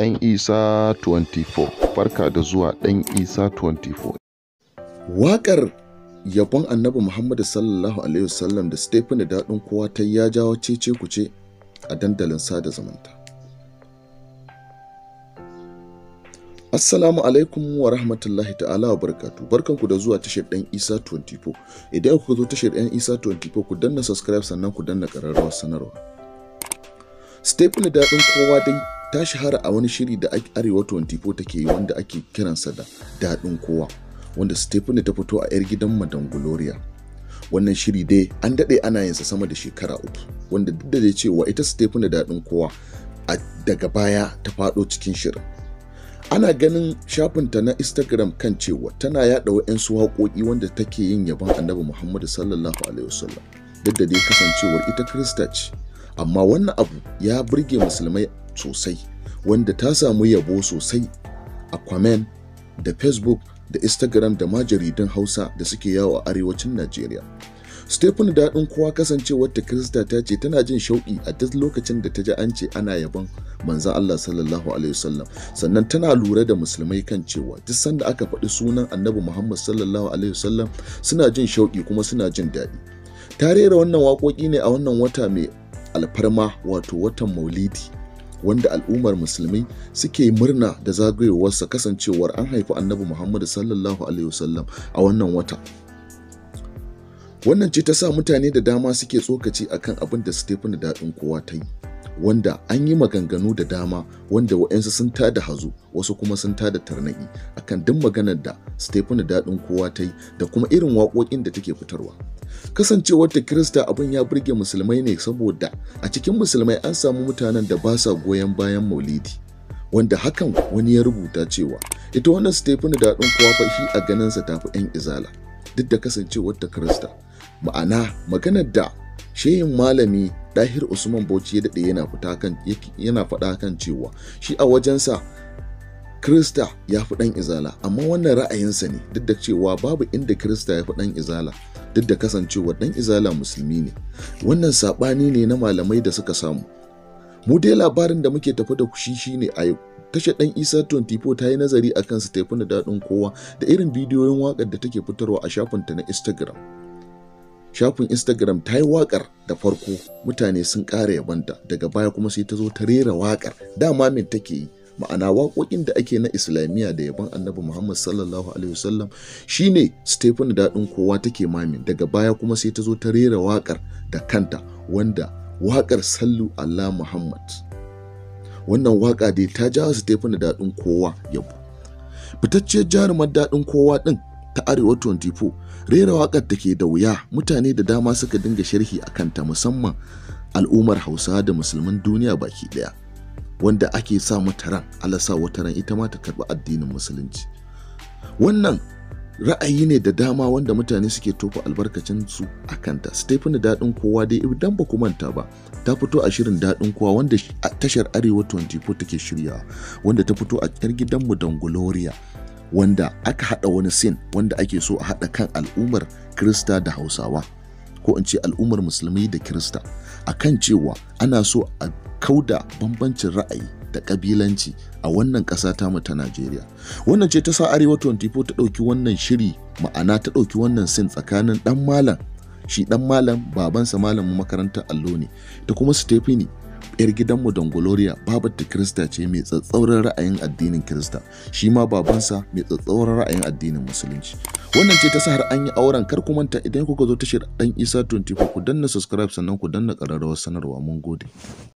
ɗan isa 24 farka da zuwa ɗan isa 24 waƙar yabon annabi muhammadu sallallahu alaihi wasallam da stephen daɗin kowa ta ya jawo cece kuce a dandalin sada zumunta Assalamu alaikum wa rahmatullahi ta'ala wa barkatu barkanku da zuwa tashar ɗan Isa 24 idan ku zo tashar ɗan Isa 24 ku danna subscribe sannan ku danna ƙararrawar sanarwa. Stephen daɗin kowa dai ta shahara a wani shiri da arewa 24 take yi wanda ake kiransa da daɗin kowa wanda stephanie ta fito a 'yar gidan madan gloria wannan shiri dai an daɗe ana yinsa sama da shekara uku wanda duk da dai cewa ita stephanie daɗin kowa a daga baya ta faɗo cikin shirin ana ganin shafinta na instagram kan cewa tana yaɗa wa'yansu waƙoƙi wanda take yin yabon annabi muhammadu sallallahu alaihi wasallam duk da dai kasancewar ita kirista ce amma wannan abu ya burge musulmai sosai wanda ta samu yabo sosai a kwamen da facebook da instagram da ma jaridun hausa da suke yawo a arewacin najeriya stephen daɗin kowa kasancewar ta krista ta ce tana jin shauƙi a duk lokacin da ta ji an ce ana yabon manzan allah sallallahu alaihi wasallam sannan tana lura da musulmai kan cewa duk sanda aka faɗi sunan annabi muhammad sallallahu alaihi wasallam suna jin shauƙi kuma suna jin daɗi ta rera wannan waƙoƙi ne a wannan wata mai alfarma wato watan maulidi wanda al'ummar musulmi suke murna da zagayowarsa kasancewar an haifi annabi muhammadu sallallahu alaihi wasallam a wannan wata wannan ce ta sa mutane da dama suke tsokaci akan abin da stephen daɗin kowa ta yi wanda an yi maganganu da dama wanda wa'yansu sun ta da hazo wasu kuma sun ta da tarnaki, akan duk maganar da stephen daɗin kowa ta yi da kuma irin waƙoƙin da take fitarwa kasancewar ta Kirista abin ya burge musulmai ne saboda a cikin musulmai an samu mutanen da ba sa goyon bayan maulidi wanda hakan wani ya rubuta cewa ita wannan Stephen da ɗin kowa fa shi a ganinsa tafi 'yan izala duk da kasancewar ta Kirista ma'ana maganar da shehin malami Dahir Usman Bauchi ya daɗe yana fita kan yana faɗa kan cewa shi a wajensa Krista ya fi ɗan izala amma wannan ra'ayinsa ne duk da cewa babu inda Krista ya fi ɗan izala duk da kasancewa dan izala musulmi ne wannan saɓani ne na malamai da suka samu mu dai labarin da muke tafi da kushi shine a yau tashar dan isa 24 ta yi nazari a su tafi na daɗin kowa da irin bidiyoyin waƙar da take fitarwa a shafin ta na instagram shafin instagram ta yi waƙar da farko mutane sun ƙara yabanta daga baya kuma sai ta zo ta rera waƙar dama min take yi ma'ana waƙoƙin da ake na islamiyya da yaban annabi muhammad sallallahu alaihi wasallam shine stephen daɗin kowa take mamin daga baya kuma sai ta zo ta rera waƙar da kanta wanda waƙar sallu allah muhammad wannan waƙa dai ta ja stephen daɗin kowa yabo fitacciyar jarumar daɗin kowa ɗin ta arewa 24 rera waƙar da ke da wuya mutane da dama suka dinga sharhi a kanta musamman al'ummar hausa da musulman duniya baki ɗaya wanda ake sa mata ran Allah sa wata ran ita ma ta karɓi addinin musulunci wannan ra'ayi ne da dama wanda mutane suke tofa albarkacin su a kanta stephen daɗin kowa dai idan ba ku manta ba ta fito a shirin daɗin kowa wanda tashar arewa 24 take shiryawa wanda ta fito a yar gidanmu Dan-Gloria. wanda aka haɗa wani sin wanda ake so a haɗa kan al'ummar krista da hausawa ko in ce al'ummar musulmi da krista a kan cewa ana so a kauda bambancin ra'ayi da ƙabilanci a wannan ƙasa mu ta Najeriya. Wannan ce ta sa Arewa 24 ta ɗauki wannan shiri ma'ana ta ɗauki wannan sin tsakanin ɗan malam shi ɗan malam babansa malamin makarantar allo ne ta kuma Stephanie yar gidanmu dangoloria babar ta krista ce mai tsatsauran ra'ayin addinin krista shi ma babansa mai tsatsauran ra'ayin addinin musulunci wannan ce ta sa har an yi auren kar ku manta idan kuka zo tashar dan isa 24 ku danna subscribe sannan ku danna kararrawar sanarwa mun gode